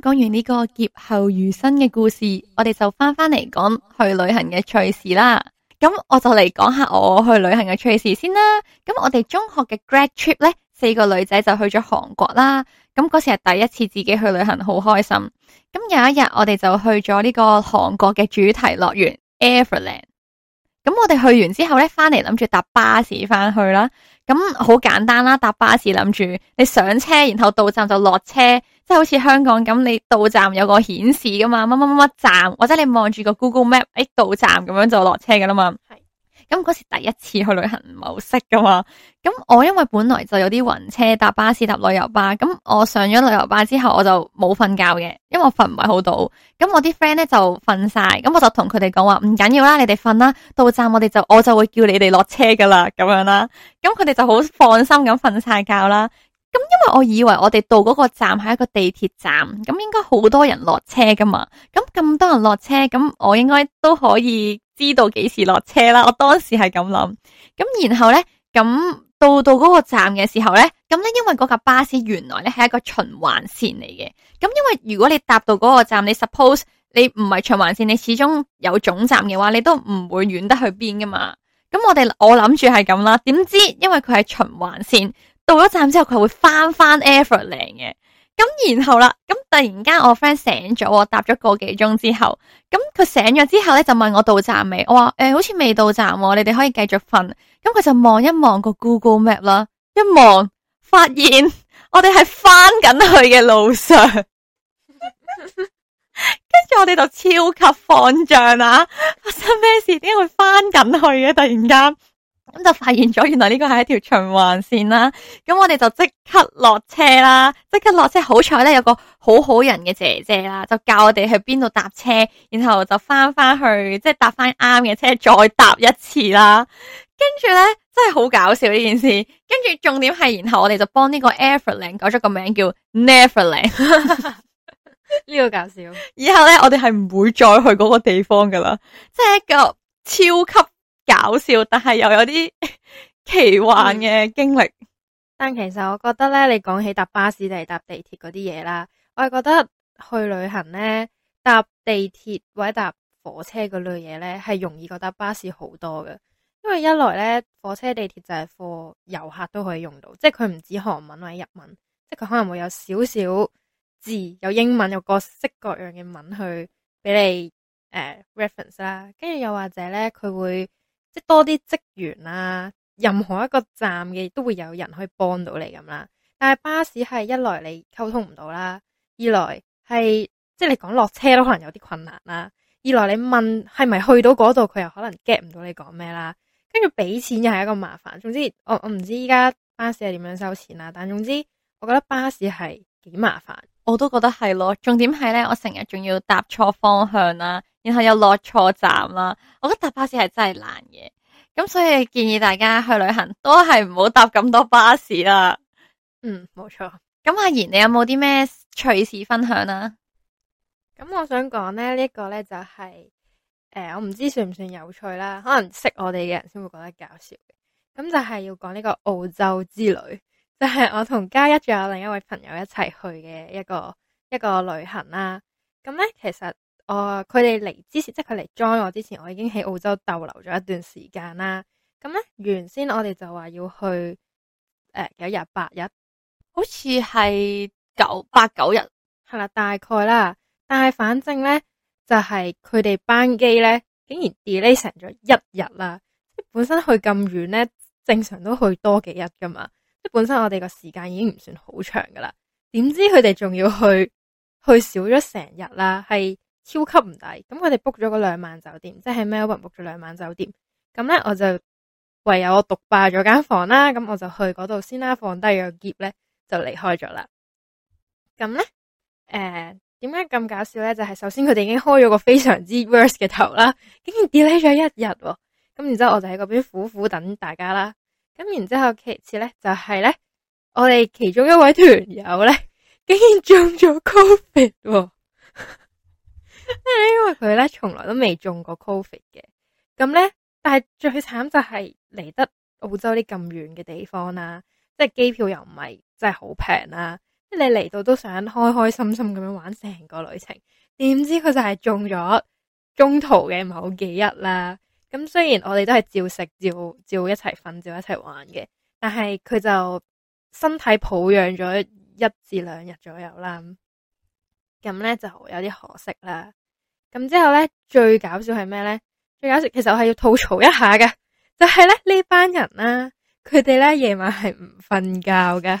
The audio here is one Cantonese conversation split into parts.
講完呢個劫後餘生嘅故事，我哋就翻翻嚟講去旅行嘅趣事啦。咁我就嚟講下我去旅行嘅趣事先啦。咁我哋中學嘅 grad trip 咧，四個女仔就去咗韓國啦。咁嗰時係第一次自己去旅行，好開心。咁有一日，我哋就去咗呢個韓國嘅主題樂園 Everland。咁 Ever 我哋去完之後咧，翻嚟諗住搭巴士翻去啦。咁好簡單啦，搭巴士諗住你上車，然後到站就落車。即係好似香港咁，你到站有個顯示噶嘛，乜乜乜站，或者你望住個 Google Map，哎到站咁樣就落車噶啦嘛。係是，咁嗰時第一次去旅行，唔係好識噶嘛。咁我因為本來就有啲暈車，搭巴士搭旅遊巴，咁我上咗旅遊巴之後，我就冇瞓覺嘅，因為我瞓唔係好到。咁我啲 friend 咧，就瞓晒，咁我就同佢哋講話唔緊要啦，你哋瞓啦，到站我哋就我就會叫你哋落車噶啦，咁樣啦。咁佢哋就好放心咁瞓晒覺啦。咁因為我以為我哋到嗰個站係一個地鐵站，咁應該好多人落車噶嘛。咁咁多人落車，咁我應該都可以知道幾時落車啦。我當時係咁諗。咁然後呢，咁到到嗰個站嘅時候呢，咁咧因為嗰架巴士原來咧係一個循環線嚟嘅。咁因為如果你搭到嗰個站，你 suppose 你唔係循環線，你始終有總站嘅話，你都唔會遠得去邊噶嘛。咁我哋我諗住係咁啦。點知因為佢係循環線。到咗站之後，佢會翻翻 Auckland 嘅，咁然後啦，咁突然間我 friend 醒咗，我搭咗個幾鐘之後，咁佢醒咗之後咧就問我到站未？我話誒、欸，好似未到站，你哋可以繼續瞓。咁佢就望一望個 Google Map 啦，一望發現我哋係翻緊去嘅路上，跟 住我哋就超級慌張啦！發生咩事？點解會翻緊去嘅？突然間？咁就發現咗，原來呢個係一條循環線啦。咁我哋就即刻落車啦，即刻落車。好彩咧，有個好好人嘅姐姐啦，就教我哋去邊度搭車，然後就翻翻去，即、就、係、是、搭翻啱嘅車，再搭一次啦。跟住咧，真係好搞笑呢件事。跟住重點係，然後我哋就幫呢個 Everland、e、改咗個名叫 Neverland。呢 個搞笑。以後咧，我哋係唔會再去嗰個地方噶啦。即係一個超級。搞笑，但係又有啲奇幻嘅經歷。但其實我覺得咧，你講起搭巴士定係搭地鐵嗰啲嘢啦，我係覺得去旅行咧，搭地鐵或者搭火車嗰類嘢咧，係容易過搭巴士好多嘅。因為一來咧，火車、地鐵就係俾遊客都可以用到，即係佢唔止韓文或者日文，即係佢可能會有少少字，有英文，有各式各樣嘅文去俾你誒、呃、reference 啦。跟住又或者咧，佢會。即係多啲職員啦、啊，任何一個站嘅都會有人可以幫到你咁啦。但係巴士係一來你溝通唔到啦，二來係即係你講落車都可能有啲困難啦。二來你問係咪去到嗰度，佢又可能 get 唔到你講咩啦。跟住俾錢又係一個麻煩。總之，我我唔知依家巴士係點樣收錢啦、啊。但總之，我覺得巴士係幾麻煩。我都覺得係咯。重點係咧，我成日仲要搭錯方向啦、啊。然後又落錯站啦，我覺得搭巴士係真係難嘅，咁所以建議大家去旅行都係唔好搭咁多巴士啦。嗯，冇錯。咁阿賢，你有冇啲咩趣事分享啊？咁我想講呢呢個呢，這個、就係、是，誒、呃，我唔知算唔算有趣啦，可能識我哋嘅人先會覺得搞笑嘅。咁就係要講呢個澳洲之旅，就係、是、我同嘉一仲有另一位朋友一齊去嘅一個一個旅行啦。咁呢，其實。哦，佢哋嚟之前，即係佢嚟 join 我之前，我已經喺澳洲逗留咗一段時間啦。咁咧，原先我哋就話要去誒，呃，九日八日，好似係九八九日，係啦，大概啦。但係反正咧，就係佢哋班機咧，竟然 delay 成咗一日啦。即係本身去咁遠咧，正常都去多幾日噶嘛。即係本身我哋個時間已經唔算好長噶啦，點知佢哋仲要去去少咗成日啦，係。超級唔抵，咁佢哋 book 咗個兩晚酒店，即係 Melbourne book 咗兩晚酒店，咁咧我就唯有我獨霸咗間房啦，咁我就去嗰度先啦，放低個篋咧就離開咗啦。咁咧，誒，點解咁搞笑咧？就係首先佢哋已經開咗個非常之 worse 嘅頭啦，竟然 delay 咗一日，咁然之後我就喺嗰邊苦苦等大家啦，咁然之後其次咧就係咧，我哋其中一位團友咧竟然中咗 COVID。因為佢咧從來都未中過 Covid 嘅，咁咧，但係最慘就係嚟得澳洲啲咁遠嘅地方啦，啊，即係機票又唔係真係好平啦，即係你嚟到都想開開心心咁樣玩成個旅程，點知佢就係中咗中途嘅某幾日啦。咁雖然我哋都係照食照照一齊瞓，照一齊玩嘅，但係佢就身體抱恙咗一至兩日左右啦，咁咧就有啲可惜啦。咁之後咧，最搞笑係咩咧？最搞笑其實我係要吐槽一下嘅，就係咧呢班人啦，佢哋咧夜晚係唔瞓覺嘅。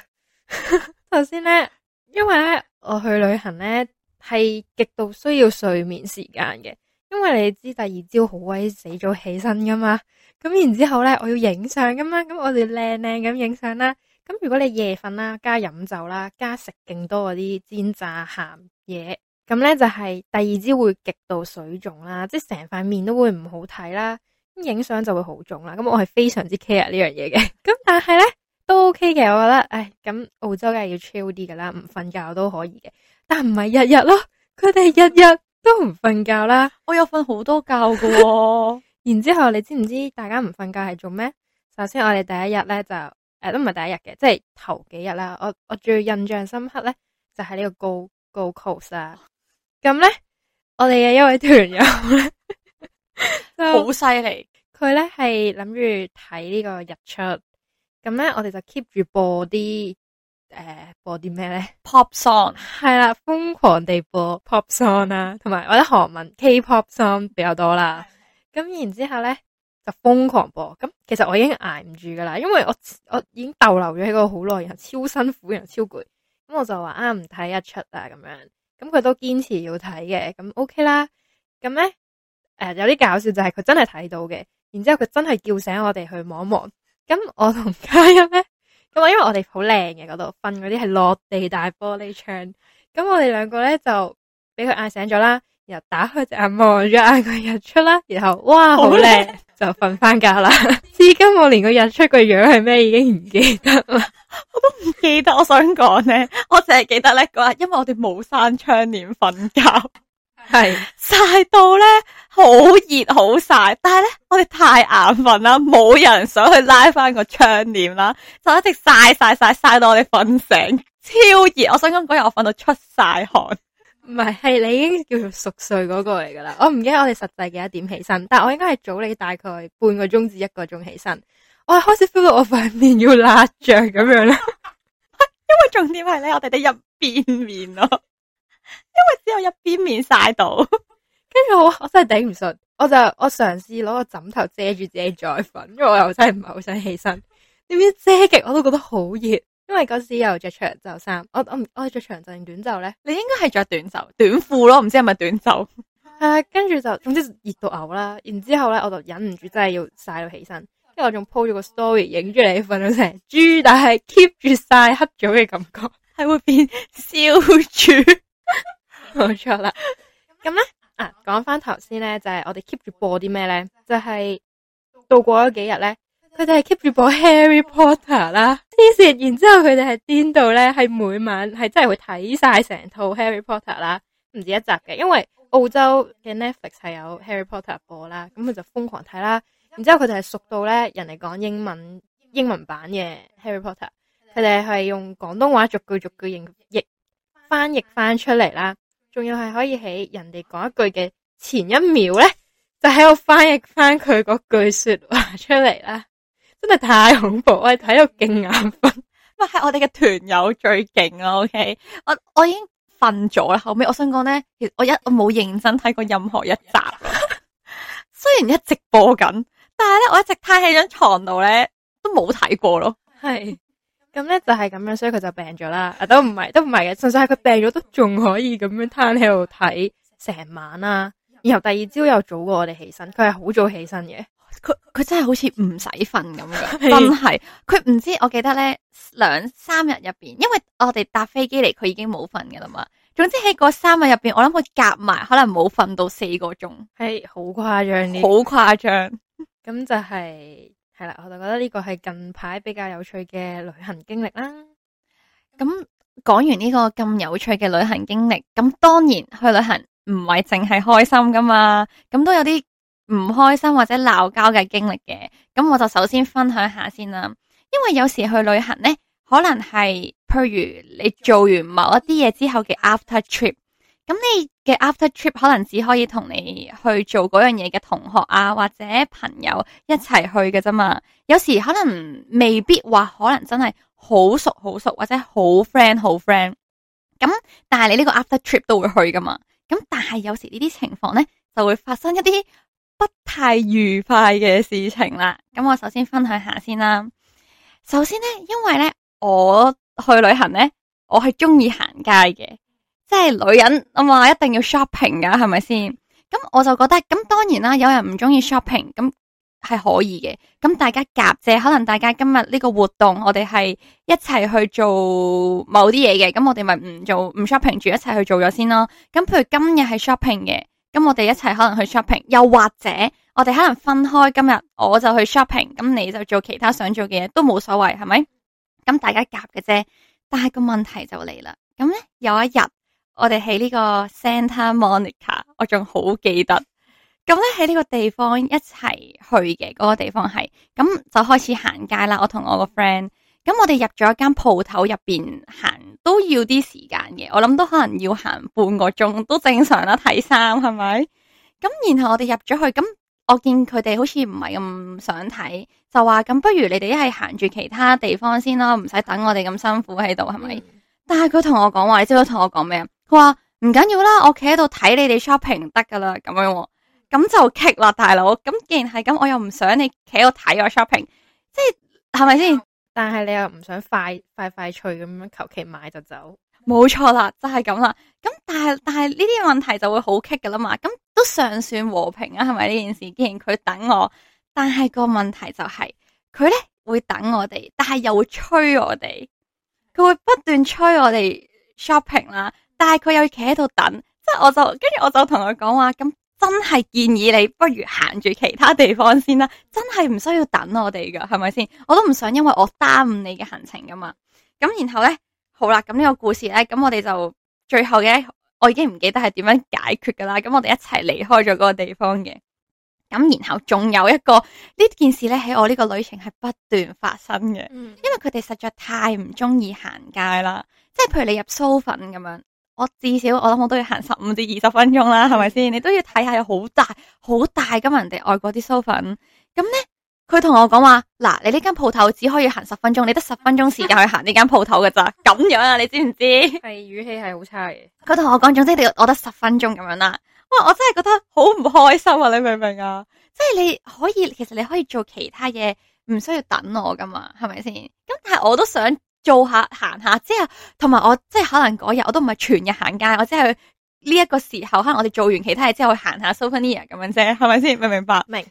頭先咧，因為咧我去旅行咧係極度需要睡眠時間嘅，因為你知第二朝好鬼死早起身噶嘛。咁然之後咧，我要影相噶嘛，咁我哋靚靚咁影相啦。咁如果你夜瞓啦，加飲酒啦，加食勁多嗰啲煎炸鹹嘢。鹹咁咧就係第二支會極度水腫啦，即係成塊面都會唔好睇啦，咁影相就會好腫啦。咁我係非常之 care 呢樣嘢嘅。咁但係咧都 OK 嘅，我覺得，唉，咁澳洲梗係要 chill 啲噶啦，唔瞓覺都可以嘅，但唔係日日咯，佢哋日日都唔瞓覺啦。我有瞓好多覺噶、哦， 然之後你知唔知大家唔瞓覺係做咩？首先我哋第一日咧就，誒、呃，都唔係第一日嘅，即係頭幾日啦。我我最印象深刻咧就係、是、呢個 Gold Gold Coast 啊。咁咧，我哋嘅一位團友咧害，好犀利。佢咧係諗住睇呢個日出，咁咧我哋就 keep 住播啲誒、呃，播啲咩咧？Pop song 係啦，瘋狂地播 pop song 啦、啊，同埋我覺得韓文 K-pop song 比較多啦。咁 然之後咧就瘋狂播。咁其實我已經挨唔住噶啦，因為我我已經逗留咗喺嗰度好耐，然後超辛苦，然後超攰。咁我就話啱唔睇日出啊，咁樣。咁佢都堅持要睇嘅，咁 OK 啦。咁咧，誒、呃、有啲搞笑就係佢真係睇到嘅，然之後佢真係叫醒我哋去望一望。咁我同嘉欣咧，咁我因為我哋好靚嘅嗰度，瞓嗰啲係落地大玻璃窗。咁我哋兩個咧就俾佢嗌醒咗啦。又打開隻眼望咗下個日出啦，然後哇好靚美，就瞓翻覺啦。 至今我連個日出個樣係咩已經唔記得啦，我都唔記得。我想講咧，我淨係記得咧嗰日，因為我哋冇閂窗簾瞓覺，係是曬到咧好熱好曬，但係咧我哋太眼瞓啦，冇人想去拉翻個窗簾啦，就一直曬曬曬曬到我哋瞓醒，超熱。我想講嗰日我瞓到出晒汗。唔係，係你已經叫做熟睡嗰個嚟噶啦。我唔記得我哋實際幾多點起身，但係我應該係早你大概半個鐘至一個鐘起身。我開始 feel 到我塊面要辣著咁樣啦， 因為重點係咧，我哋得入邊面咯， 因為只有入邊面晒到，跟 住我我真係頂唔順，我就我嘗試攞個枕頭遮住自己再瞓，因為我又真係唔係好想起身。點知遮極我都覺得好熱。因為嗰時又着長袖衫，我我我着長袖定短袖咧？你應該係着短袖、短褲咯，唔知係咪短袖？係、啊、跟住就總之熱到嘔啦，然之後咧，我就忍唔住真係要晒到起身，跟住我仲 po 咗個 story 影住你瞓到成豬，但係 keep 住晒黑咗嘅感覺，係會變燒豬。冇 錯啦了，咁咧啊，講翻頭先咧，就係、是、我哋 keep 住播啲咩咧？就係、是、到過咗幾日咧。佢哋係 keep 住播 Harry Potter 啦，黐線！然之後佢哋係顛到咧？係每晚係真係會睇晒成套 Harry Potter 啦，唔止一集嘅。因為澳洲嘅 Netflix 係有 Harry Potter 播啦，咁佢就瘋狂睇啦。然之後佢哋係熟到咧，人哋講英文英文版嘅 Harry Potter，佢哋係用廣東話逐句逐句譯翻譯翻出嚟啦。仲要係可以喺人哋講一句嘅前一秒咧，就喺度翻譯翻佢嗰句說話出嚟啦。真係太恐怖，我睇到勁眼瞓。唔係，我哋嘅團友最勁啦。OK，我我已經瞓咗啦。後尾我想講咧，我一我冇認真睇過任何一集， 雖然一直播緊，但係咧我一直攤喺張床度咧都冇睇過咯。係咁咧就係咁樣，所以佢就病咗啦。啊都唔係，都唔係嘅，純粹係佢病咗都仲可以咁樣攤喺度睇成晚啦、啊。然後第二朝又早過我哋起身，佢係好早起身嘅。佢佢真係好似唔使瞓咁嘅，真係佢唔知。我記得咧兩三日入邊，因為我哋搭飛機嚟，佢已經冇瞓噶啦嘛。總之喺嗰三日入邊，我諗佢夾埋可能冇瞓到四個鐘，係好誇張好誇張。咁誇 就係、係、係啦，我就覺得呢個係近排比較有趣嘅旅行經歷啦。咁講完呢個咁有趣嘅旅行經歷，咁當然去旅行唔係淨係開心噶嘛，咁都有啲。唔開心或者鬧交嘅經歷嘅，咁我就首先分享下先啦。因為有時去旅行呢，可能係譬如你做完某一啲嘢之後嘅 after trip，咁你嘅 after trip 可能只可以同你去做嗰樣嘢嘅同學啊或者朋友一齊去嘅啫嘛。有時可能未必話可能真係好熟好熟或者好 friend 好 friend，咁但係你呢個 after trip 都會去噶嘛。咁但係有時呢啲情況呢，就會發生一啲。不太愉快嘅事情啦，咁我首先分享下先啦。首先呢，因為呢我去旅行呢，我係中意行街嘅，即係女人啊嘛，一定要 shopping 噶，係咪先？咁我就覺得，咁當然啦，有人唔中意 shopping，咁係可以嘅。咁大家夾借，可能大家今日呢個活動，我哋係一齊去做某啲嘢嘅，咁我哋咪唔做唔 shopping 住，一齊去做咗先咯。咁譬如今日係 shopping 嘅。咁我哋一齊可能去 shopping，又或者我哋可能分開，今日我就去 shopping，咁你就做其他想做嘅嘢，都冇所謂，係咪？咁大家夾嘅啫，但係個問題就嚟啦。咁咧有一日我哋喺呢個 Santa Monica，我仲好記得。咁咧喺呢個地方一齊去嘅嗰、那個地方係，咁就開始行街啦，我同我個 friend。咁我哋入咗一間鋪頭入邊行都要啲時間嘅，我諗都可能要行半個鐘都正常啦。睇衫係咪？咁然後我哋入咗去，咁我見佢哋好似唔係咁想睇，就話，咁不如你哋一係行住其他地方先啦，唔使等我哋咁辛苦喺度，係咪？嗯、但係佢同我講話，你知唔知同我講咩啊？佢話唔緊要啦，我企喺度睇你哋 shopping 得噶啦，咁樣，咁就棘啦，大佬。咁既然係咁，我又唔想你企喺度睇我 shopping，即係係咪先？嗯但係你又唔想快快快脆咁樣求其買就走，冇錯啦，就係咁啦。咁但係但係呢啲問題就會好棘噶啦嘛。咁都尚算和平啊，係咪呢件事？既然佢等我，但係個問題就係佢咧會等我哋，但係又會催我哋，佢會不斷催我哋 shopping 啦。但係佢又企喺度等，即係我，我就跟住我就同佢講話咁。真係建議你不如行住其他地方先啦，真係唔需要等我哋噶，係咪先？我都唔想因為我耽誤你嘅行程噶嘛。咁然後呢，好啦，咁呢個故事呢，咁我哋就最後嘅，我已經唔記得係點樣解決噶啦。咁我哋一齊離開咗嗰個地方嘅。咁然後仲有一個呢件事呢，喺我呢個旅程係不斷發生嘅，嗯、因為佢哋實在太唔中意行街啦，即係譬如你入蘇粉咁樣。我至少我諗我都要行十五至二十分鐘啦，係咪先？你都要睇下有好大好大咁人哋外國啲收粉，咁呢，佢同我講話嗱，你呢間鋪頭只可以行十分鐘，你得十分鐘時間去行呢間鋪頭嘅咋？咁 樣啊？你知唔知？係語氣係好差嘅，佢同我講，總之你我得十分鐘咁樣啦。哇！我真係覺得好唔開心啊！你明唔明啊？即係你可以，其實你可以做其他嘢，唔需要等我噶嘛？係咪先？咁但係我都想。做下行下之後，同埋我即係可能嗰日我都唔係全日行街，我即係呢一個時候可能我哋做完其他嘢之後去行下 Sephora 咁、er、樣啫，係咪先？明唔明白？明，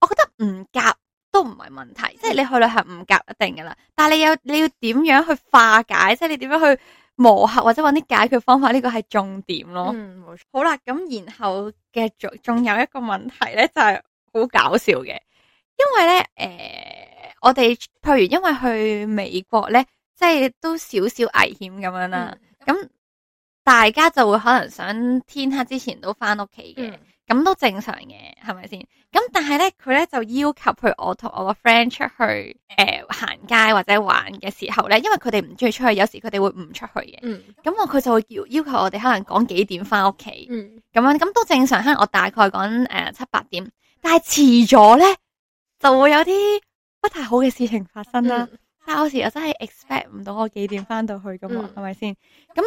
我覺得唔夾都唔係問題，即係、嗯、你去旅行唔夾一定噶啦，但係你有你要點樣去化解，即、就、係、是、你點樣去磨合或者揾啲解決方法，呢、這個係重點咯。嗯，冇錯。好啦，咁然後繼續仲有一個問題咧，就係、是、好搞笑嘅，因為咧，誒、呃，我哋譬如因為去美國咧。即係都少少危險咁樣啦，咁、嗯嗯、大家就會可能想天黑之前都翻屋企嘅，咁、嗯、都正常嘅，係咪先？咁、嗯、但係咧，佢咧就要求去我同我個 friend 出去誒行、呃、街或者玩嘅時候咧，因為佢哋唔中意出去，有時佢哋會唔出去嘅。嗯，咁我佢就會要要求我哋可能講幾點翻屋企，嗯，咁樣咁都正常。可能我大概講誒、呃、七八點，但係遲咗咧就會有啲不太好嘅事情發生啦。嗯嗯但有時我真係 expect 唔到我幾點翻到去噶嘛，係咪先？咁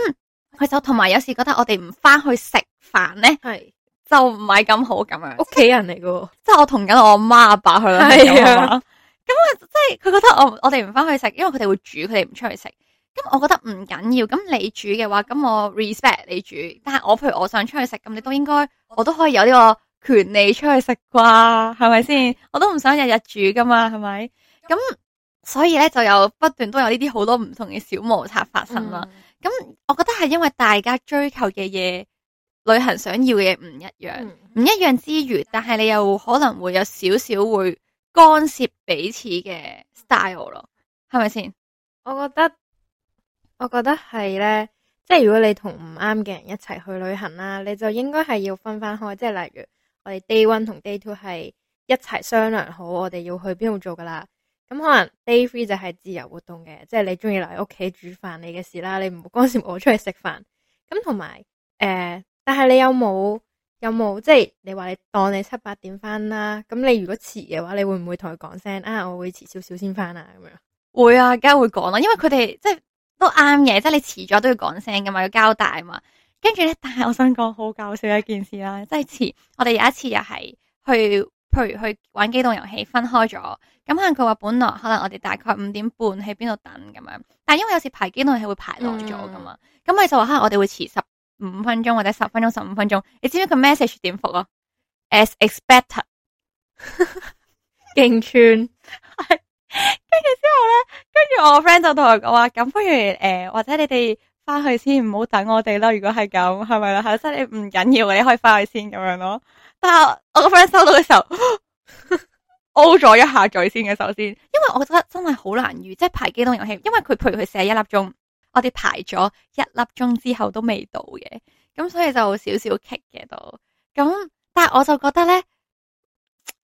佢就同埋有，有時覺得我哋唔翻去食飯咧，是就唔係咁好咁樣。屋企人嚟噶是、啊，即係我同緊我阿媽阿爸去啦。係啊，咁即係佢覺得我我哋唔翻去食，因為佢哋會煮，佢哋唔出去食。咁我覺得唔緊要，要。咁你煮嘅話，咁我 respect 你煮。但係我譬如我想出去食，咁你都應該我都可以有呢個權利出去食啩，係咪先？啊、我都唔想日日煮噶嘛，係咪咁？那所以咧，就有不斷都有呢啲好多唔同嘅小摩擦發生啦。咁、嗯，我覺得係因為大家追求嘅嘢、旅行想要嘅唔一樣，唔、嗯、一樣之餘，但係你又可能會有少少會干涉彼此嘅 style 咯，係咪先？我覺得，我覺得係咧，即係如果你同唔啱嘅人一齊去旅行啦，你就應該係要分返開。即係例如，我哋 day one 同 day two 係一齊商量好，我哋要去邊度做噶啦。咁、嗯、可能 day three 就係自由活動嘅，即係你中意留喺屋企煮飯你嘅事啦，你唔好干涉我出去食飯。咁同埋誒，但係你有冇有冇即係你話你當你七八點翻啦，咁你如果遲嘅話，你會唔會同佢講聲啊？我會遲少少先翻啊，咁樣會啊，梗係會講啦，因為佢哋即係都啱嘅，即係你遲咗都要講聲噶嘛，要交代嘛。跟住咧，但係我想講好搞笑嘅一件事啦，即係遲我哋有一次又係去，譬如去玩機動遊戲，分開咗。咁可能佢話，本來可能我哋大概五點半喺邊度等咁樣，但係因為有時排幾耐係會排落咗噶嘛，咁佢、嗯、就話吓我哋會遲十五分鐘或者十分鐘十五分鐘。你知唔知佢 message 點覆啊？As expected，勁 串 串。 跟住之後咧，跟住我 friend 就同我講話，咁不如誒、呃，或者你哋翻去先，唔好等我哋囉。如果係咁，係咪啦？係即係你唔緊要嘅，你可以翻去先咁樣咯。但係我個 friend 收到嘅時候。 O 咗一下嘴先嘅，首先，因為我覺得真係好難預，即係排機動遊戲，因為佢陪佢寫一粒鐘，我哋排咗一粒鐘之後都未到嘅，咁所以就少少棘嘅都。咁但係我就覺得呢，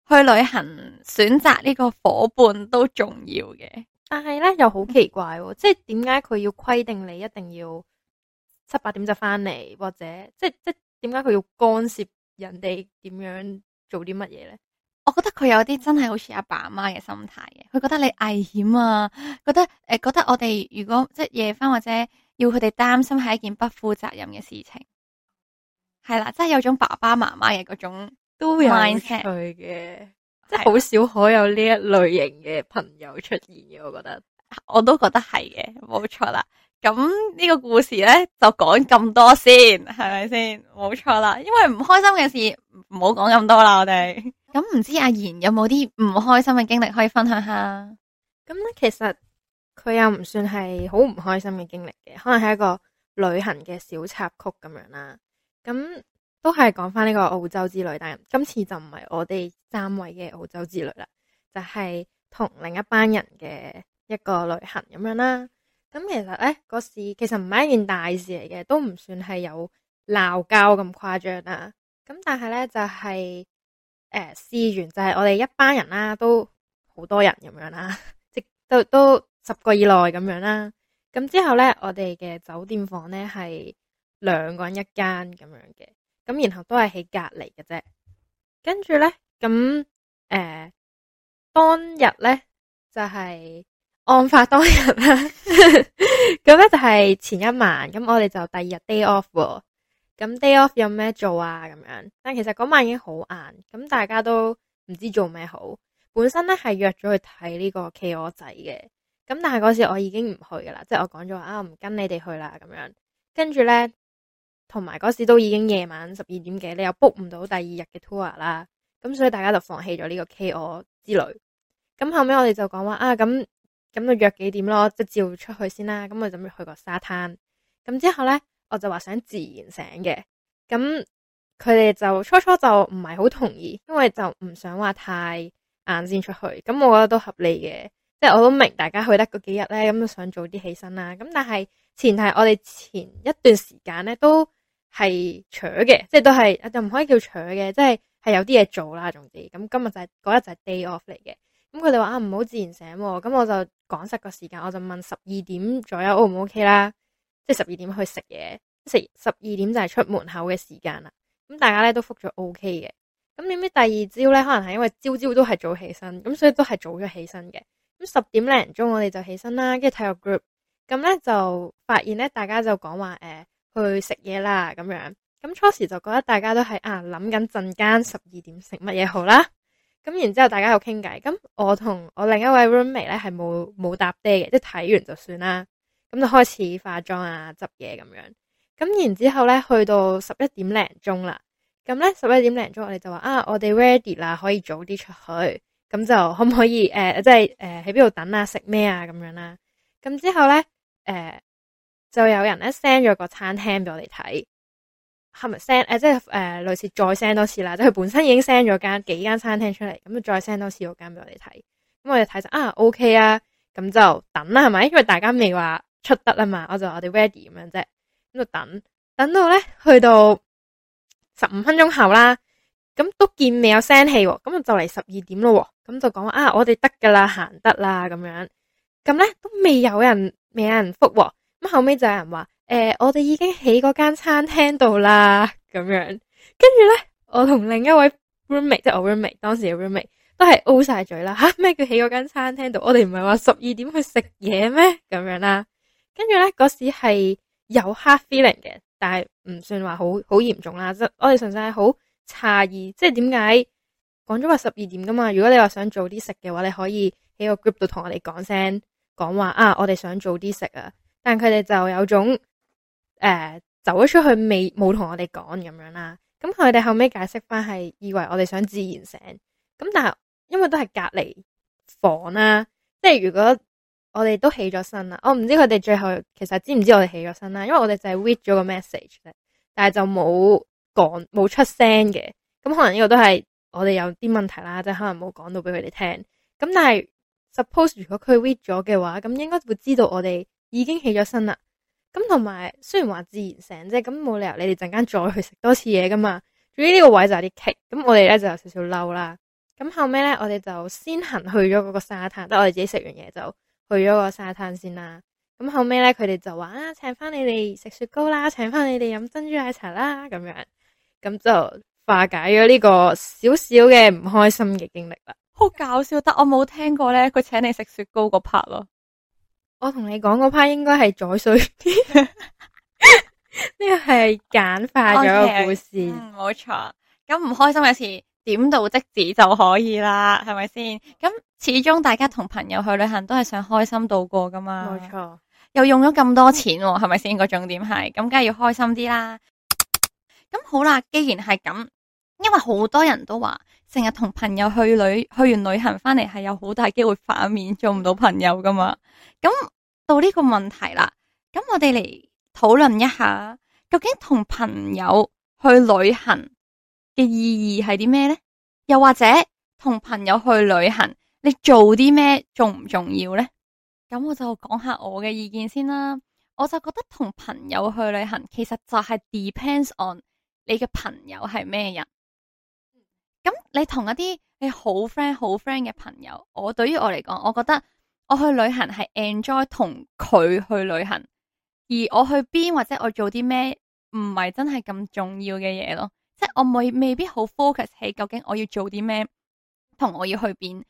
去旅行選擇呢個夥伴都重要嘅。但係呢，又好奇怪、哦，嗯、即係點解佢要規定你一定要七八點就翻嚟，或者即係即係點解佢要干涉人哋點樣做啲乜嘢呢？我覺得佢有啲真係好似阿爸阿媽嘅心態嘅，佢覺得你危險啊，覺得誒、呃，覺得我哋如果即係夜返或者要佢哋擔心係一件不負責任嘅事情，係啦，即係有種爸爸媽媽嘅嗰種都會有嘅，的即係好少可有呢一類型嘅朋友出現嘅，我覺得我都覺得係嘅，冇錯啦。咁呢個故事咧就講咁多先，係咪先？冇錯啦，因為唔開心嘅事唔好講咁多啦，我哋。咁唔知阿賢有冇啲唔開心嘅經歷可以分享下？咁呢，其實佢又唔算係好唔開心嘅經歷嘅，可能係一個旅行嘅小插曲咁樣啦。咁都係講翻呢個澳洲之旅，但係今次就唔係我哋三位嘅澳洲之旅啦，就係、是、同另一班人嘅一個旅行咁樣啦。咁其實呢個事其實唔係一件大事嚟嘅，都唔算係有鬧交咁誇張啦。咁但係呢，就係、是。誒，試完就係、是、我哋一班人啦、啊，都好多人咁樣啦，直到都十個以內咁樣啦。咁之後咧，我哋嘅酒店房咧係兩個人一間咁樣嘅，咁然後都係喺隔籬嘅啫。跟住咧，咁、嗯、誒當日咧就係、是、案發當日啦。咁咧就係前一晚，咁我哋就第二日 day off。咁 day off 有咩做啊？咁樣，但其實嗰晚已經好晏，咁大家都唔知做咩好。本身咧係約咗去睇呢個企鵝仔嘅，咁但係嗰時我已經唔去噶啦，即係我講咗話啊，我唔跟你哋去啦咁樣。跟住咧，同埋嗰時都已經夜晚十二點幾，你又 book 唔到第二日嘅 tour 啦，咁所以大家就放棄咗呢個企鵝之旅。咁後尾我哋就講話啊，咁咁就約幾點咯？即照出去先啦。咁我準備去個沙灘。咁之後咧。我就話想自然醒嘅，咁佢哋就初初就唔係好同意，因為就唔想話太晏先出去，咁我覺得都合理嘅，即係我都明大家去得嗰幾日咧，咁都想早啲起身啦。咁但係前提係我哋前一段時間咧都係坐嘅，即係都係就唔可以叫坐嘅，即係係有啲嘢做啦，總之，咁今日就係嗰日就係 day off 嚟嘅。咁佢哋話啊唔好自然醒，咁我就講實個時間，我就問十二點左右 O 唔 O K 啦。行即係十二點去食嘢，食十二點就係出門口嘅時間啦。咁大家咧都復咗 O K 嘅。咁、OK、點知第二朝咧，可能係因為朝朝都係早起身，咁所以都係早咗起身嘅。咁十點零鐘我哋就起身啦，跟住睇個 group，咁咧就發現咧大家就講話誒去食嘢啦咁樣。咁初時就覺得大家都係啊諗緊陣間十二點食乜嘢好啦。咁然之後大家又傾偈，咁我同我另一位 roommate 咧係冇冇搭爹嘅，即係睇完就算啦。咁就開始化妝啊，執嘢咁樣。咁然之後咧，去到十一點零鐘啦。咁咧，十一點零鐘我哋就話啊，我哋 ready 啦，可以早啲出去。咁就可唔可以誒，即係誒喺邊度等啊，食咩啊咁樣啦。咁之後咧，誒、呃、就有人咧 send 咗個餐廳俾我哋睇，係咪 send 誒？即係誒、呃，類似再 send 多次啦。即係佢本身已經 send 咗間幾間餐廳出嚟，咁就再 send 多次嗰間俾我哋睇。咁我哋睇就啊，OK 啊。咁就等啦，係咪？因為大家未話。出得啦嘛，我就我哋 ready 咁樣啫，喺度等，等到咧去到十五分鐘後啦，咁都見未有聲氣，咁就嚟十二點咯，咁就講啊，我哋得噶啦，行得啦咁樣，咁咧都未有人，未有人覆，咁後尾就有人話，誒、呃，我哋已經喺嗰間餐廳度啦，咁樣，跟住咧我同另一位 roommate 即係我 roommate，當時嘅 roommate 都係 O 晒嘴啦，吓、啊、咩叫起嗰間餐廳度？我哋唔係話十二點去食嘢咩？咁樣啦。跟住咧，嗰時係有 hard feeling 嘅,但係唔算話好好嚴重啦。即我哋純粹係好詫異，即係點解講咗話十二點噶嘛？如果你話想早啲食嘅話，你可以喺個 group 度同我哋講聲，講話啊，我哋想早啲食啊。但係佢哋就有種誒走咗出去，未冇同我哋講咁樣啦。咁佢哋後尾解釋翻係以為我哋想自然醒。咁但係因為都係隔離房啦、啊，即係如果。我哋都起咗身啦，我、哦、唔知佢哋最後其實知唔知我哋起咗身啦，因為我哋就係 read 咗個 message 但係就冇講冇出聲嘅，咁可能呢個都係我哋有啲問題啦，即、就、係、是、可能冇講到俾佢哋聽，咁但係 suppose 如果佢 read 咗嘅話，咁應該會知道我哋已經起咗身啦，咁同埋雖然話自然醒啫，係咁冇理由你哋陣間再去食多次嘢噶嘛，所以呢個位就有，呢就有啲棘，咁我哋咧就有少少嬲啦，咁後尾咧我哋就先行去咗嗰個沙灘，即係我哋自己食完嘢就。去咗個沙灘先啦，咁後尾咧，佢哋就話啊，請翻你哋食雪糕啦，請翻你哋飲珍珠奶茶啦，咁樣，咁就化解咗呢個少少嘅唔開心嘅經歷啦。好搞笑，但我冇聽過咧，佢請你食雪糕嗰 part 咯。我同你講嗰 part 應該係再衰啲，呢個係簡化咗個故事。Okay. 嗯，冇錯。咁唔開心嘅事點到即止就可以啦，係咪先？咁。始終大家同朋友去旅行都係想開心度過噶嘛，冇錯，又用咗咁多錢，啊，係咪先？個重點係，咁梗係要開心啲啦。咁 好啦，既然係咁，因為好多人都話，成日同朋友去旅，去完旅行翻嚟係有好大機會反面做唔到朋友噶嘛。咁到呢個問題啦，咁我哋嚟討論一下，究竟同朋友去旅行嘅意義係啲咩呢？又或者同朋友去旅行？你做啲咩重唔重要呢？咁我就講下我嘅意見先啦。我就覺得同朋友去旅行，其實就係 depends on 你嘅朋友係咩人。咁你同一啲你好 friend 好 friend 嘅朋友，我對於我嚟講，我覺得我去旅行係 enjoy 同佢去旅行，而我去邊或者我做啲咩唔係真係咁重要嘅嘢咯。即係我未未必好 focus 喺究竟我要做啲咩，同我要去邊。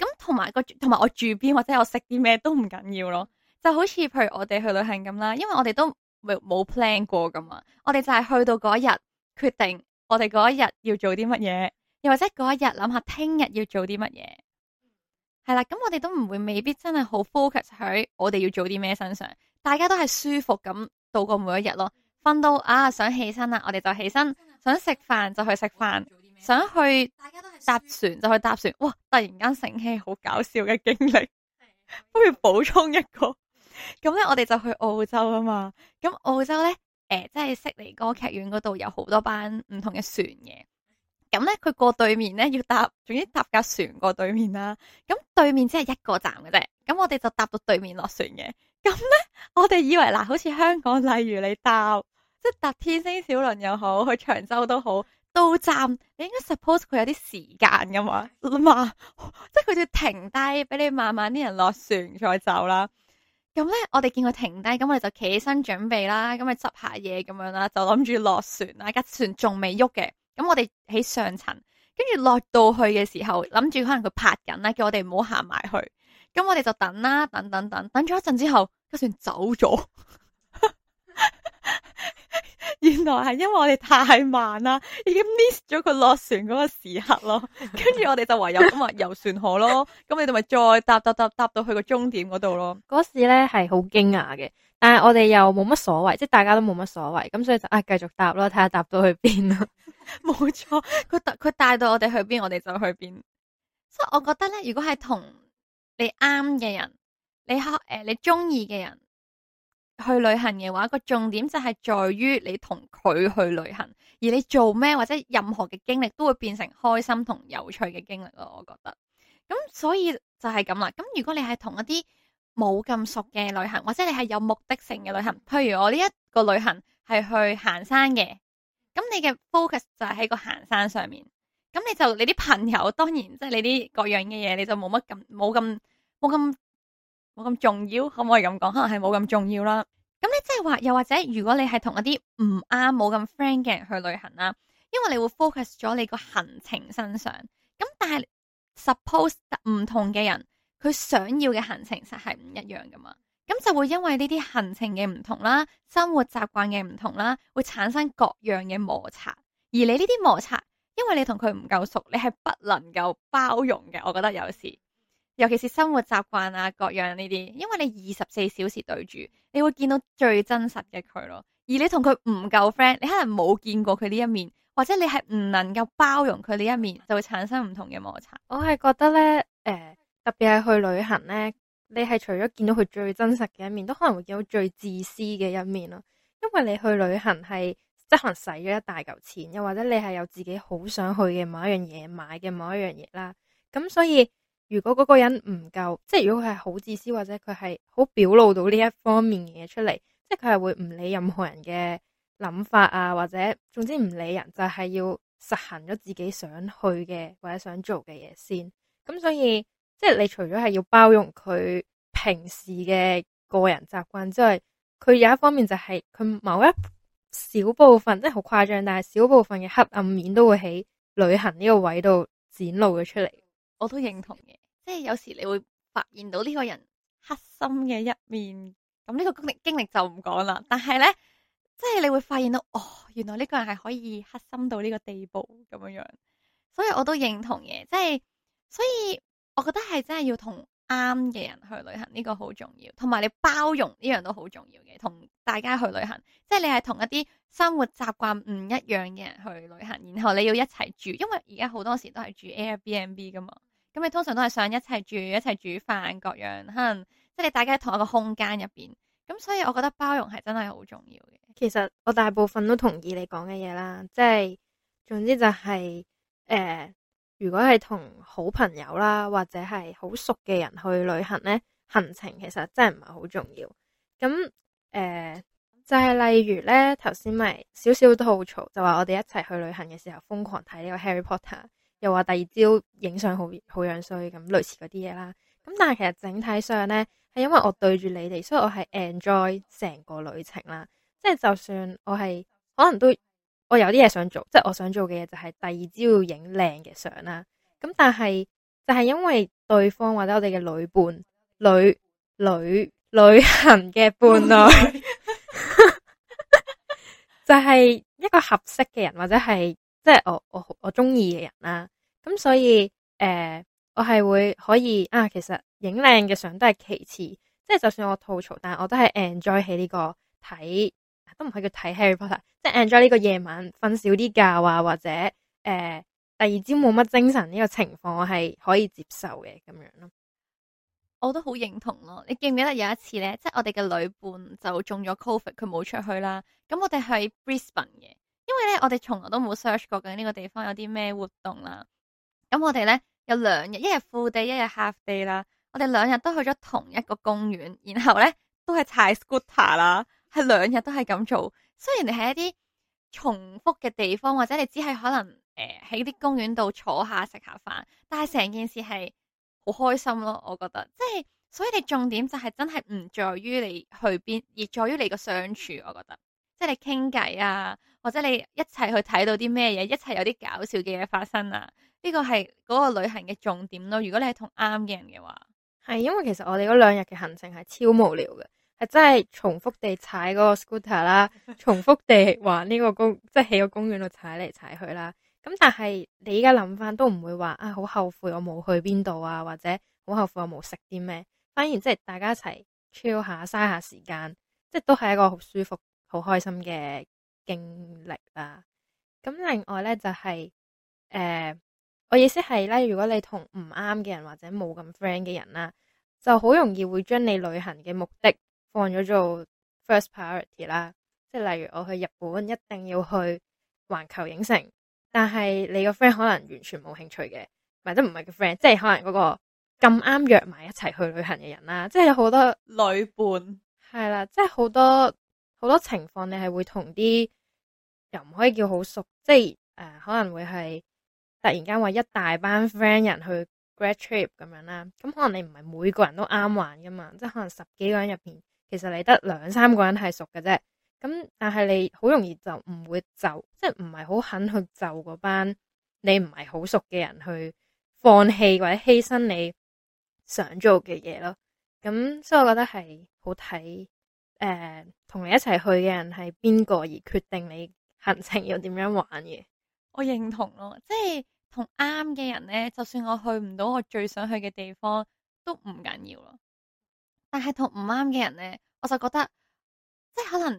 咁同埋個同埋我住邊或者我食啲咩都唔緊要咯，就好似譬如我哋去旅行咁啦，因為我哋都冇冇 plan 過噶嘛，我哋就係去到嗰日決定我哋嗰一日要做啲乜嘢，又或者嗰一日諗下聽日要做啲乜嘢，係啦，咁我哋都唔會未必真係好 focus 喺我哋要做啲咩身上，大家都係舒服咁度過每一日咯，瞓到啊想起身啦，我哋就起身，想食飯就去食飯。想去搭船就去搭船，哇！突然間醒起好搞笑嘅經歷， 不如補充一個。咁 咧，我哋就去澳洲啊嘛。咁澳洲咧，誒、欸，即係悉尼歌劇院嗰度有好多班唔同嘅船嘅。咁咧，佢過對面咧要搭，總之搭架船過對面啦。咁對面即係一個站嘅啫。咁我哋就搭到對面落船嘅。咁咧，我哋以為嗱，好似香港，例如你搭，即係搭天星小輪又好，去長洲都好。到站，你應該 suppose 佢有啲時間噶嘛嘛，即係佢要停低，俾你慢慢啲人落船再走啦。咁咧，我哋見佢停低，咁我哋就企起身準備啦，咁咪執下嘢咁樣啦，就諗住落船啦。架船仲未喐嘅，咁我哋喺上層，跟住落到去嘅時候，諗住可能佢拍緊啦，叫我哋唔好行埋去。咁我哋就等啦，等等等等咗一陣之後，架船走咗。 原來係因為我哋太慢啦，已經 miss 咗佢落船嗰個時刻咯。跟住我哋就唯有咁話遊船河咯。咁你哋咪再搭搭搭搭到去個終點嗰度咯。嗰時咧係好驚訝嘅，但係我哋又冇乜所謂，即係大家都冇乜所謂。咁所以就啊繼續搭咯，睇下搭到去邊咯。冇 錯，佢帶佢帶到我哋去邊，我哋就去邊。即係我覺得咧，如果係同你啱嘅人，你誒、呃、你中意嘅人。去旅行嘅話，個重點就係在於你同佢去旅行，而你做咩或者任何嘅經歷都會變成開心同有趣嘅經歷咯。我覺得，咁所以就係咁啦。咁如果你係同一啲冇咁熟嘅旅行，或者你係有目的性嘅旅行，譬如我呢一個旅行係去行山嘅，咁你嘅 focus 就係喺個行山上面，咁你就你啲朋友，當然即係、就是、你啲各樣嘅嘢，你就冇乜咁冇咁冇咁。冇咁重要，可唔可以咁講？可能係冇咁重要啦。咁你即係話，又或者如果你係同一啲唔啱、冇咁 friend 嘅人去旅行啦，因為你會 focus 咗你個行程身上。咁但係 suppose 唔同嘅人，佢想要嘅行程實係唔一樣噶嘛。咁就會因為呢啲行程嘅唔同啦，生活習慣嘅唔同啦，會產生各樣嘅摩擦。而你呢啲摩擦，因為你同佢唔夠熟，你係不能夠包容嘅。我覺得有時。尤其是生活習慣啊，各樣呢啲，因為你二十四小時對住，你會見到最真實嘅佢咯。而你同佢唔夠 friend，你可能冇見過佢呢一面，或者你係唔能夠包容佢呢一面，就會產生唔同嘅摩擦。我係覺得呢，誒、呃，特別係去旅行呢，你係除咗見到佢最真實嘅一面，都可能會見到最自私嘅一面咯。因為你去旅行係即係可能使咗一大嚿錢，又或者你係有自己好想去嘅某一樣嘢買嘅某一樣嘢啦，咁所以。如果嗰個人唔夠，即係如果佢係好自私，或者佢係好表露到呢一方面嘅嘢出嚟，即係佢係會唔理任何人嘅諗法啊，或者總之唔理人，就係要實行咗自己想去嘅或者想做嘅嘢先。咁所以即係你除咗係要包容佢平時嘅個人習慣之外，佢有一方面就係佢某一小部分，即係好誇張，但係小部分嘅黑暗面都會喺旅行呢個位度展露咗出嚟。我都認同嘅。即係有時你會發現到呢個人黑心嘅一面，咁呢個經歷，經歷就唔講啦。但係呢，即係你會發現到哦，原來呢個人係可以黑心到呢個地步咁樣樣，所以我都認同嘅。即係，所以我覺得係真係要同啱嘅人去旅行，呢個好重要。同埋你包容呢樣都好重要嘅，同大家去旅行，即係你係同一啲生活習慣唔一樣嘅人去旅行，然後你要一齊住，因為而家好多時都係住 Airbnb 噶嘛。咁你通常都係想一齊住，一齊煮飯、各樣，可能即係你大家同一個空間入邊。咁所以我覺得包容係真係好重要嘅。其實我大部分都同意你講嘅嘢啦，即係總之就係誒，如果係同好朋友啦，或者係好熟嘅人去旅行咧，行程其實真係唔係好重要。咁誒，就係例如咧，頭先咪少少吐槽，就話我哋一齊去旅行嘅時候，瘋狂睇呢個《Harry Potter》。又話第二朝影相好好樣衰咁，類似嗰啲嘢啦。咁但係其實整體上呢，係因為我對住你哋，所以我係 enjoy 成個旅程啦。即係就算我係可能都我有啲嘢想做，即係我想做嘅嘢就係第二朝要影靚嘅相啦。咁但係就係因為對方或者我哋嘅女伴、女女旅行嘅伴侶， 就係一個合適嘅人或者係。即係我我我中意嘅人啦、啊，咁所以誒、呃，我係會可以啊。其實影靚嘅相都係其次，即係就算我吐槽，但係我都係 enjoy 喺呢個睇，都唔係叫睇 Harry Potter，即係 enjoy 呢個夜晚瞓少啲覺啊，或者誒、呃，第二朝冇乜精神呢個情況，我係可以接受嘅咁樣咯。我都好認同咯。你記唔記得有一次咧，即係我哋嘅女伴就中咗 Covid，佢冇出去啦。咁我哋喺 Brisbane 嘅。因為咧，我哋從來都冇 search 過緊呢個地方有啲咩活動啦。咁、嗯、我哋咧有兩日，一日 full day，一日 half day 啦。我哋兩日都去咗同一個公園，然後咧都係踩 scooter 啦，係兩日都係咁做。雖然你喺一啲重複嘅地方，或者你只係可能誒喺啲公園度坐下食下飯，但係成件事係好開心咯。我覺得，即係所以你重點就係真係唔在於你去邊，而在於你個相處。我覺得。即係你傾偈啊，或者你一齊去睇到啲咩嘢，一齊有啲搞笑嘅嘢發生啊！呢個係嗰個旅行嘅重點咯。如果你係同啱嘅人嘅話，係因為其實我哋嗰兩日嘅行程係超無聊嘅，係真係重複地踩嗰個 scooter 啦，重複地玩呢個公， 即係喺個公園度踩嚟踩去啦。咁但係你而家諗翻都唔會話啊好後悔我冇去邊度啊，或者好後悔我冇食啲咩，反而即係大家一齊超下，嘥下時間，即係都係一個好舒服。好開心嘅經歷啦。咁另外咧就係、是、誒、呃，我意思係咧，如果你同唔啱嘅人或者冇咁 friend 嘅人啦，就好容易會將你旅行嘅目的放咗做 first priority 啦。即係例如我去日本一定要去環球影城，但係你個 friend 可能完全冇興趣嘅，或者唔係個 friend，即係可能嗰個咁啱約埋一齊去旅行嘅人啦。即係有好多旅伴係啦，即係好多。好多情況你係會同啲又唔可以叫好熟，即係誒、呃，可能會係突然間話一大班 friend 人去 grad trip 咁樣啦，咁可能你唔係每個人都啱玩噶嘛，即係可能十幾個人入邊，其實你得兩三個人係熟嘅啫，咁但係你好容易就唔會就，即係唔係好肯去就嗰班你唔係好熟嘅人去放棄或者犧牲你想做嘅嘢咯，咁所以我覺得係好睇。誒，同、uh, 你一齊去嘅人係邊個而決定你行程要點樣玩嘅？我認同咯，即係同啱嘅人呢，就算我去唔到我最想去嘅地方都唔緊要咯。但係同唔啱嘅人呢，我就覺得即係可能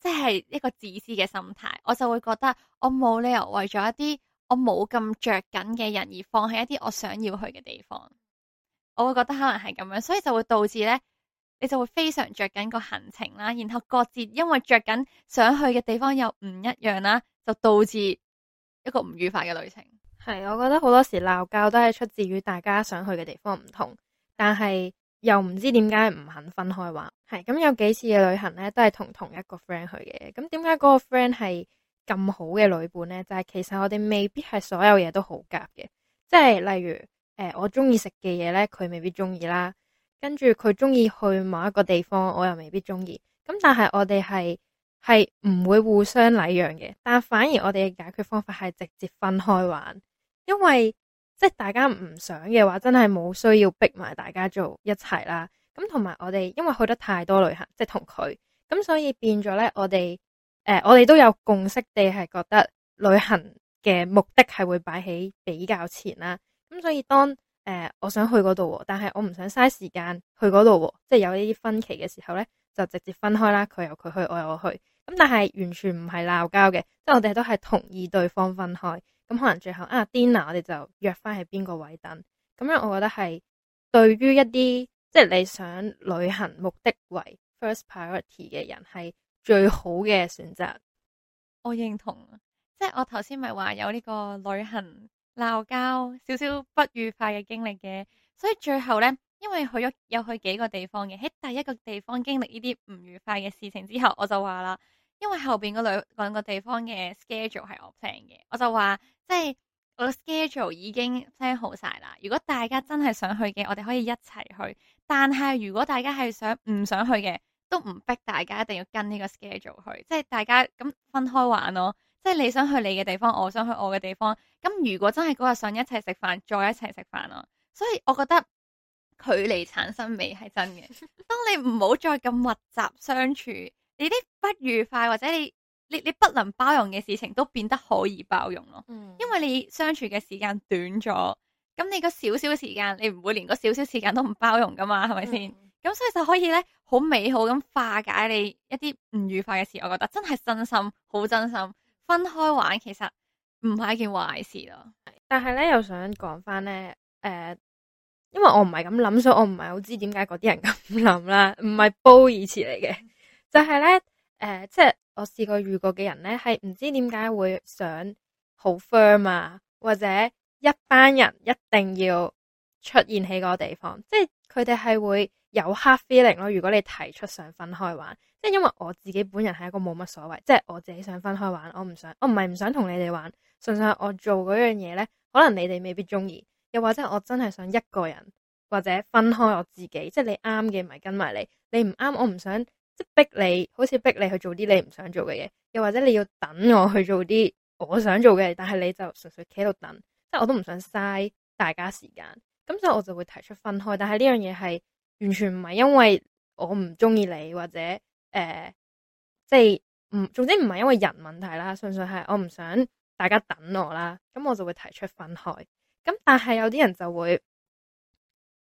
即係一個自私嘅心態，我就會覺得我冇理由為咗一啲我冇咁着緊嘅人而放棄一啲我想要去嘅地方。我會覺得可能係咁樣，所以就會導致呢。你就會非常着緊個行程啦，然後各自因為着緊想去嘅地方又唔一樣啦，就導致一個唔愉快嘅旅程。係，我覺得好多時鬧交都係出自於大家想去嘅地方唔同，但係又唔知點解唔肯分開玩。係，咁有幾次嘅旅行咧，都係同同一個 friend 去嘅。咁點解嗰個 friend 係咁好嘅旅伴呢？就係、是、其實我哋未必係所有嘢都好夾嘅，即係例如誒、呃、我中意食嘅嘢咧，佢未必中意啦。跟住佢中意去某一個地方，我又未必中意。咁但係我哋係係唔會互相禮讓嘅，但反而我哋嘅解決方法係直接分開玩，因為即係大家唔想嘅話，真係冇需要逼埋大家做一齊啦。咁同埋我哋因為去得太多旅行，即係同佢，咁所以變咗呢、呃。我哋誒，我哋都有共識地係覺得旅行嘅目的係會擺喺比較前啦。咁所以當。誒、呃，我想去嗰度，但係我唔想嘥時間去嗰度，即係有呢啲分歧嘅時候呢，就直接分開啦，佢由佢去，我又我去，咁但係完全唔係鬧交嘅，即係我哋都係同意對方分開，咁可能最後啊，dinner 我哋就約翻喺邊個位等，咁樣我覺得係對於一啲即係你想旅行目的為 first priority 嘅人，係最好嘅選擇。我認同，即係我頭先咪話有呢個旅行。鬧交少少不愉快嘅經歷嘅，所以最後呢，因為去咗有去幾個地方嘅，喺第一個地方經歷呢啲唔愉快嘅事情之後，我就話啦，因為後邊個兩兩個地方嘅 schedule 係我 plan 嘅，我就話即係我個 schedule 已經 plan 好晒啦。如果大家真係想去嘅，我哋可以一齊去；但係如果大家係想唔想去嘅，都唔逼大家一定要跟呢個 schedule 去，即係大家咁分開玩咯。即係你想去你嘅地方，我想去我嘅地方。咁如果真係嗰日想一齊食飯，再一齊食飯咯。所以我覺得距離產生美係真嘅。當你唔好再咁密集相處，你啲不愉快或者你你你不能包容嘅事情都變得可以包容咯。嗯，因為你相處嘅時間短咗，咁你個少少嘅時間你唔會連個少少時間都唔包容噶嘛，係咪先？咁，嗯，所以就可以咧好美好咁化解你一啲唔愉快嘅事。我覺得真係真心，好真心。分開玩其實唔係一件壞事咯，但係咧又想講翻咧，誒、呃，因為我唔係咁諗，所以我唔係好知點解嗰啲人咁諗啦，唔係褒義詞嚟嘅，就係、是、咧，誒、呃，即係我試過遇過嘅人咧，係唔知點解會想好 firm 啊，或者一班人一定要出現喺個地方，即係佢哋係會有 hard feeling 咯，如果你提出想分開玩。即係因為我自己本人係一個冇乜所謂，即係我自己想分開玩，我唔想，我唔係唔想同你哋玩，純粹係我做嗰樣嘢呢，可能你哋未必中意，又或者我真係想一個人或者分開我自己，即係你啱嘅唔係跟埋你，你唔啱我唔想，即係逼你，好似逼你去做啲你唔想做嘅嘢，又或者你要等我去做啲我想做嘅嘢，但係你就純粹企度等，即係我都唔想嘥大家時間，咁所以我就會提出分開，但係呢樣嘢係完全唔係因為我唔中意你或者。誒、呃，即係唔，總之唔係因為人問題啦，純粹係我唔想大家等我啦，咁我就會提出分開。咁但係有啲人就會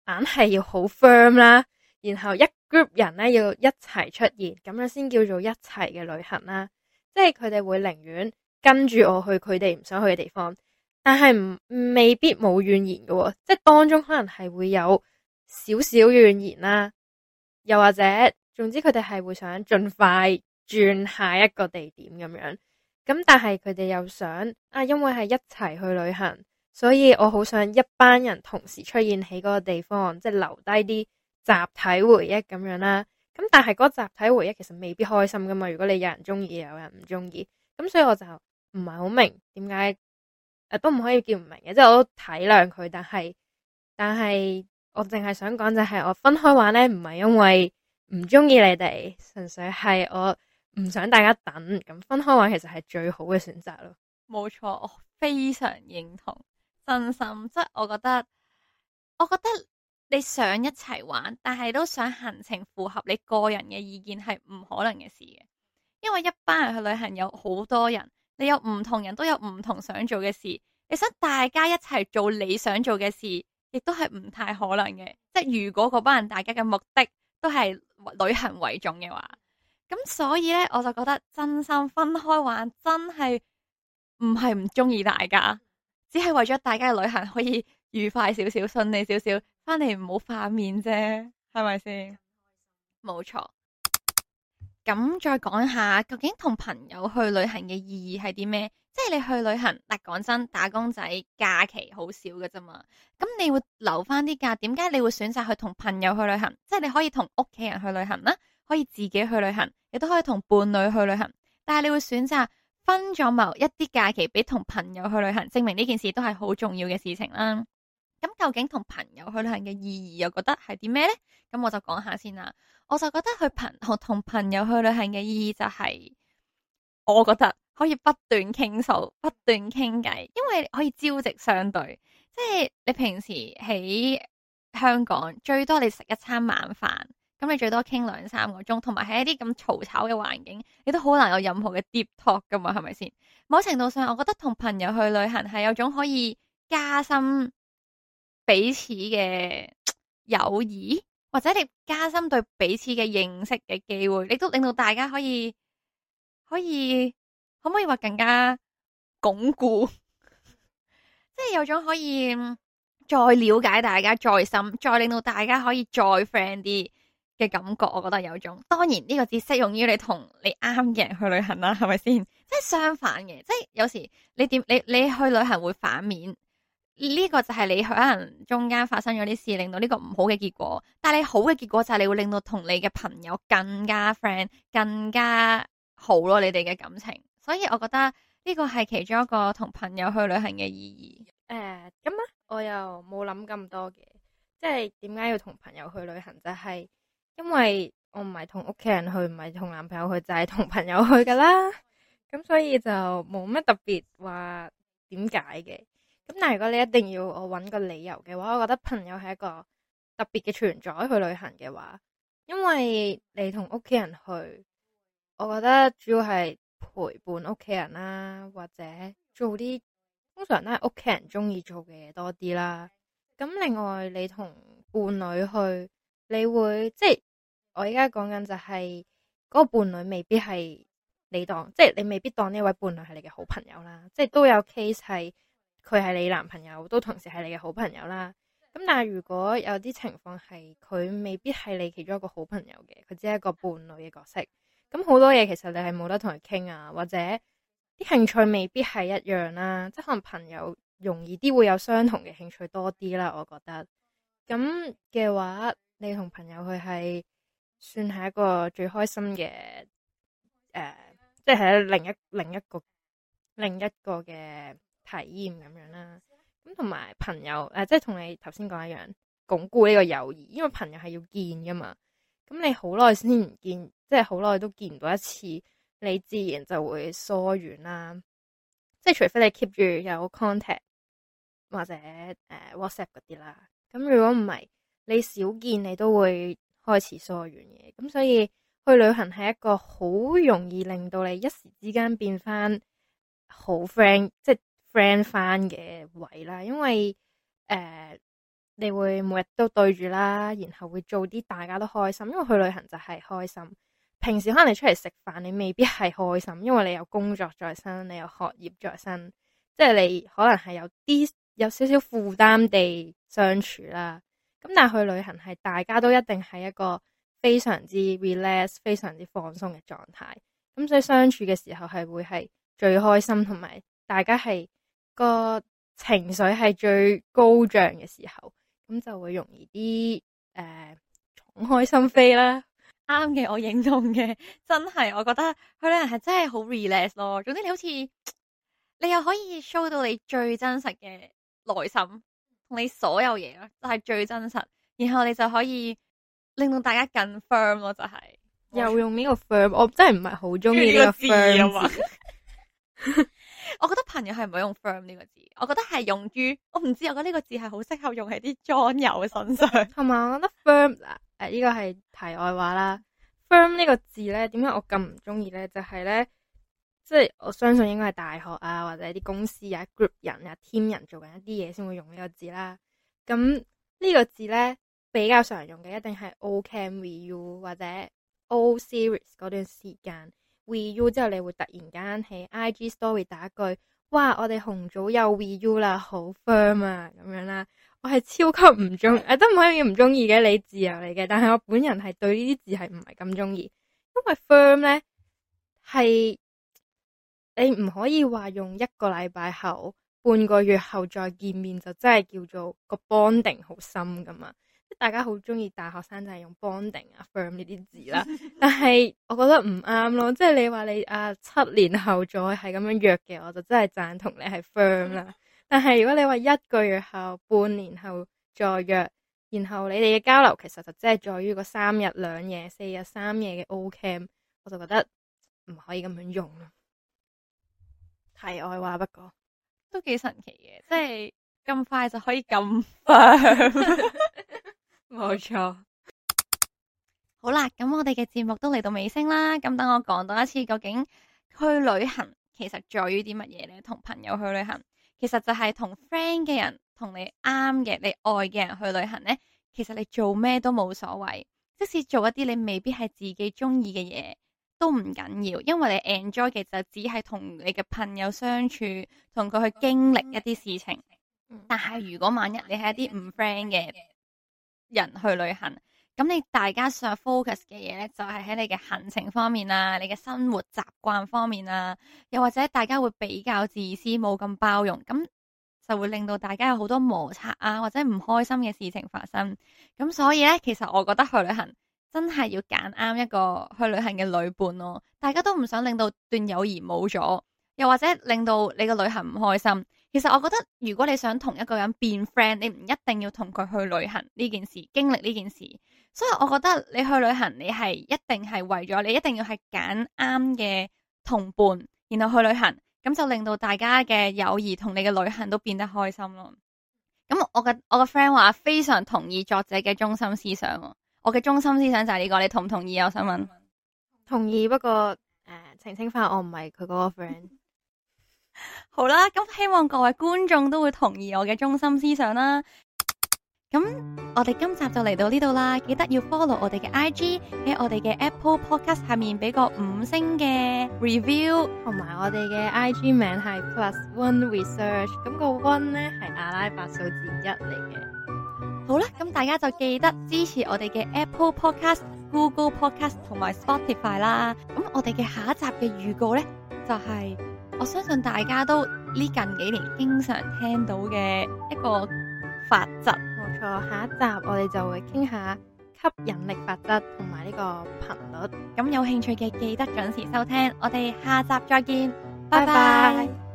硬係要好 firm 啦，然後一 group 人咧要一齊出現，咁樣先叫做一齊嘅旅行啦。即係佢哋會寧願跟住我去佢哋唔想去嘅地方，但係唔未必冇怨言嘅，即係當中可能係會有少少怨言啦，又或者。總之佢哋係會想盡快轉下一個地點咁樣，咁但係佢哋又想啊，因為係一齊去旅行，所以我好想一班人同時出現喺嗰個地方，即係留低啲集體回憶咁樣啦。咁但係嗰集體回憶其實未必開心噶嘛。如果你有人中意，有人唔中意，咁所以我就唔係好明點解、啊、都唔可以叫唔明嘅，即係我都體諒佢，但係但係我淨係想講就係我分開玩呢，唔係因為。唔中意你哋，純粹係我唔想大家等，咁分開玩其實係最好嘅選擇咯。冇錯，我非常認同，真心即係我覺得，我覺得你想一齊玩，但係都想行程符合你個人嘅意見係唔可能嘅事嘅，因為一班人去旅行有好多人，你有唔同人都有唔同想做嘅事，你想大家一齊做你想做嘅事，亦都係唔太可能嘅。即係如果嗰班人大家嘅目的都係。旅行為重嘅話，咁所以呢，我就覺得真心分開玩真係唔係唔中意大家，只係為咗大家嘅旅行可以愉快少少、順利少少，翻嚟唔好反面啫，係咪先？冇錯。咁再講下，究竟同朋友去旅行嘅意義係啲咩？即係你去旅行，嗱，講真，打工仔假期好少嘅啫嘛，咁你會留翻啲假，點解你會選擇去同朋友去旅行？即係你可以同屋企人去旅行啦，可以自己去旅行，亦都可以同伴侶去旅行，但係你會選擇分咗某一啲假期俾同朋友去旅行，證明呢件事都係好重要嘅事情啦。咁究竟同朋友去旅行嘅意義又覺得係啲咩呢？咁我就講下先啦，我就覺得去朋同同朋友去旅行嘅意義就係、是，我覺得。可以不斷傾訴、不斷傾偈，因為可以朝夕相對。即係你平時喺香港最多你食一餐晚飯，咁你最多傾兩三個鐘，同埋喺一啲咁嘈吵嘅環境，你都好難有任何嘅 deep talk 噶嘛？係咪先？某程度上，我覺得同朋友去旅行係有種可以加深彼此嘅友誼，或者你加深對彼此嘅認識嘅機會，你都令到大家可以可以。可唔可以話更加鞏固？ 即係有種可以再了解大家，再深，再令到大家可以再 friend 啲嘅感覺。我覺得有種。當然呢個只適用於你同你啱嘅人去旅行啦，係咪先？即係相反嘅，即係有時你點你你，你去旅行會反面，呢個就係你可能中間發生咗啲事，令到呢個唔好嘅結果。但係你好嘅結果就係你會令到同你嘅朋友更加 friend，更加好咯，啊，你哋嘅感情。所以我覺得呢個係其中一個同朋友去旅行嘅意義。誒，咁啊，我又冇諗咁多嘅，即係點解要同朋友去旅行？就係因為我唔係同屋企人去，唔係同男朋友去，就係同朋友去噶啦。咁 所以就冇乜特別話點解嘅。咁但係如果你一定要我搵個理由嘅話，我覺得朋友係一個特別嘅存在，去旅行嘅話，因為你同屋企人去，我覺得主要係。陪伴屋企人啦，或者做啲通常都係屋企人中意做嘅嘢多啲啦。咁另外，你同伴侶去，你會即係我而家講緊就係嗰個伴侶未必係你當，即係你未必當呢位伴侶係你嘅好朋友啦。即係都有 case 係佢係你男朋友，都同時係你嘅好朋友啦。咁但係如果有啲情況係佢未必係你其中一個好朋友嘅，佢只係一個伴侶嘅角色。咁好多嘢，其實你係冇得同佢傾啊，或者啲興趣未必係一樣啦。即係可能朋友容易啲會有相同嘅興趣多啲啦。我覺得咁嘅話，你同朋友去係算係一個最開心嘅誒、呃，即係另一另一個另一，另一個嘅體驗咁樣啦。咁同埋朋友誒、呃，即係同你頭先講一樣，鞏固呢個友誼，因為朋友係要見噶嘛。咁你好耐先唔見。即係好耐都見唔到一次，你自然就會疏遠啦。即係除非你 keep 住有 contact 或者誒、呃、WhatsApp 嗰啲啦。咁如果唔係，你少見你都會開始疏遠嘅。咁所以去旅行係一個好容易令到你一時之間變翻好 friend，即係 friend 翻嘅位啦。因為誒、呃、你會每日都對住啦，然後會做啲大家都開心，因為去旅行就係開心。平時可能你出嚟食飯，你未必係開心，因為你有工作在身，你有學業在身，即係你可能係有啲有少少負擔地相處啦。咁但係去旅行係大家都一定係一個非常之 relax、非常之放鬆嘅狀態，咁所以相處嘅時候係會係最開心，同埋大家係個情緒係最高漲嘅時候，咁就會容易啲誒敞開心扉啦。啱嘅，我認同嘅，真係我覺得佢旅人係真係好 relax 咯。總之你好似你又可以 show 到你最真實嘅內心同你所有嘢咯，就係最真實。然後你就可以令到大家更 firm 咯，就係、是、又用呢個 firm，我真係唔係好中意呢個字啊嘛。我， 我覺得朋友係唔可以用 firm 呢個字，我覺得係用於我唔知，我覺得呢個字係好適合用喺啲妝友身上同埋， 我覺得 firm 誒，呢個係題外話啦。firm 呢個字呢，點解我咁唔中意呢？就係呢，即係我相信應該係大學啊，或者啲公司啊、group 人啊、team 人做緊一啲嘢先會用呢個字啦。咁呢個字呢，比較常用嘅，一定係 O can we you 或者 O serious 嗰段時間，we you 之後你會突然間喺 IG story 打一句哇，我哋紅組又 we you 啦，好 firm 啊咁樣啦。我係超級唔中，誒都唔可以唔中意嘅，你自由嚟嘅。但係我本人係對呢啲字係唔係咁中意，因為 firm 咧係你唔可以話用一個禮拜後、半個月後再見面就真係叫做個 bonding 好深噶嘛，即係大家好中意大學生就係、是、用 bonding 啊 firm 呢啲字啦。但係我覺得唔啱咯，即、就、係、是、你話你啊七年後再係咁樣約嘅，我就真係贊同你係 firm 啦。但係如果你話一個月後、半年後再約，然後你哋嘅交流其實就只係在於個三日兩夜、四日三夜嘅 O Camp，我就覺得唔可以咁樣用咯。題外話，不過都幾神奇嘅，即係咁快就可以咁快。冇 錯錯。 好啦，咁我哋嘅節目都嚟到尾聲啦。咁等我講多一次，究竟去旅行其實在於啲乜嘢咧？同朋友去旅行。其實就係同 friend 嘅人，同你啱嘅，你愛嘅人去旅行呢，其實你做咩都冇所謂，即使做一啲你未必係自己中意嘅嘢，都唔緊要，因為你 enjoy 嘅就只係同你嘅朋友相處，同佢去經歷一啲事情。但係如果萬一你係一啲唔 friend 嘅人去旅行。咁你大家想 focus 嘅嘢呢，就係喺你嘅行程方面啊，你嘅生活習慣方面啊，又或者大家會比較自私，冇咁包容，咁就會令到大家有好多摩擦啊，或者唔開心嘅事情發生。咁所以呢，其實我覺得去旅行真係要揀啱一個去旅行嘅旅伴咯。大家都唔想令到段友誼冇咗，又或者令到你個旅行唔開心。其實我覺得如果你想同一個人變 friend，你唔一定要同佢去旅行呢件事，經歷呢件事。所以我覺得你去旅行，你係一定係為咗你一定要係揀啱嘅同伴，然後去旅行，咁就令到大家嘅友誼同你嘅旅行都變得開心咯。咁我嘅我嘅 friend 話非常同意作者嘅中心思想，我嘅中心思想就係呢、這個，你同唔同意？我想問，同意，不過誒、呃、澄清翻，我唔係佢嗰個 friend。好啦，咁希望各位觀眾都會同意我嘅中心思想啦。咁我哋今集就嚟到呢度啦，記得要 follow 我哋嘅 IG，喺我哋嘅 Apple Podcast 下面俾個五星嘅 review，同埋我哋嘅 IG 名係 Plus One Research，咁個 One 咧係阿拉伯數字一嚟嘅。好啦，咁大家就記得支持我哋嘅 Apple Podcast、Google Podcast 同埋 Spotify 啦。咁我哋嘅下一集嘅預告咧，就係、是、我相信大家都呢近幾年經常聽到嘅一個法則。下一集我哋就會傾下吸引力法則同埋呢個頻率，咁有興趣嘅記得準時收聽，我哋下集再見，拜拜 bye。Bye bye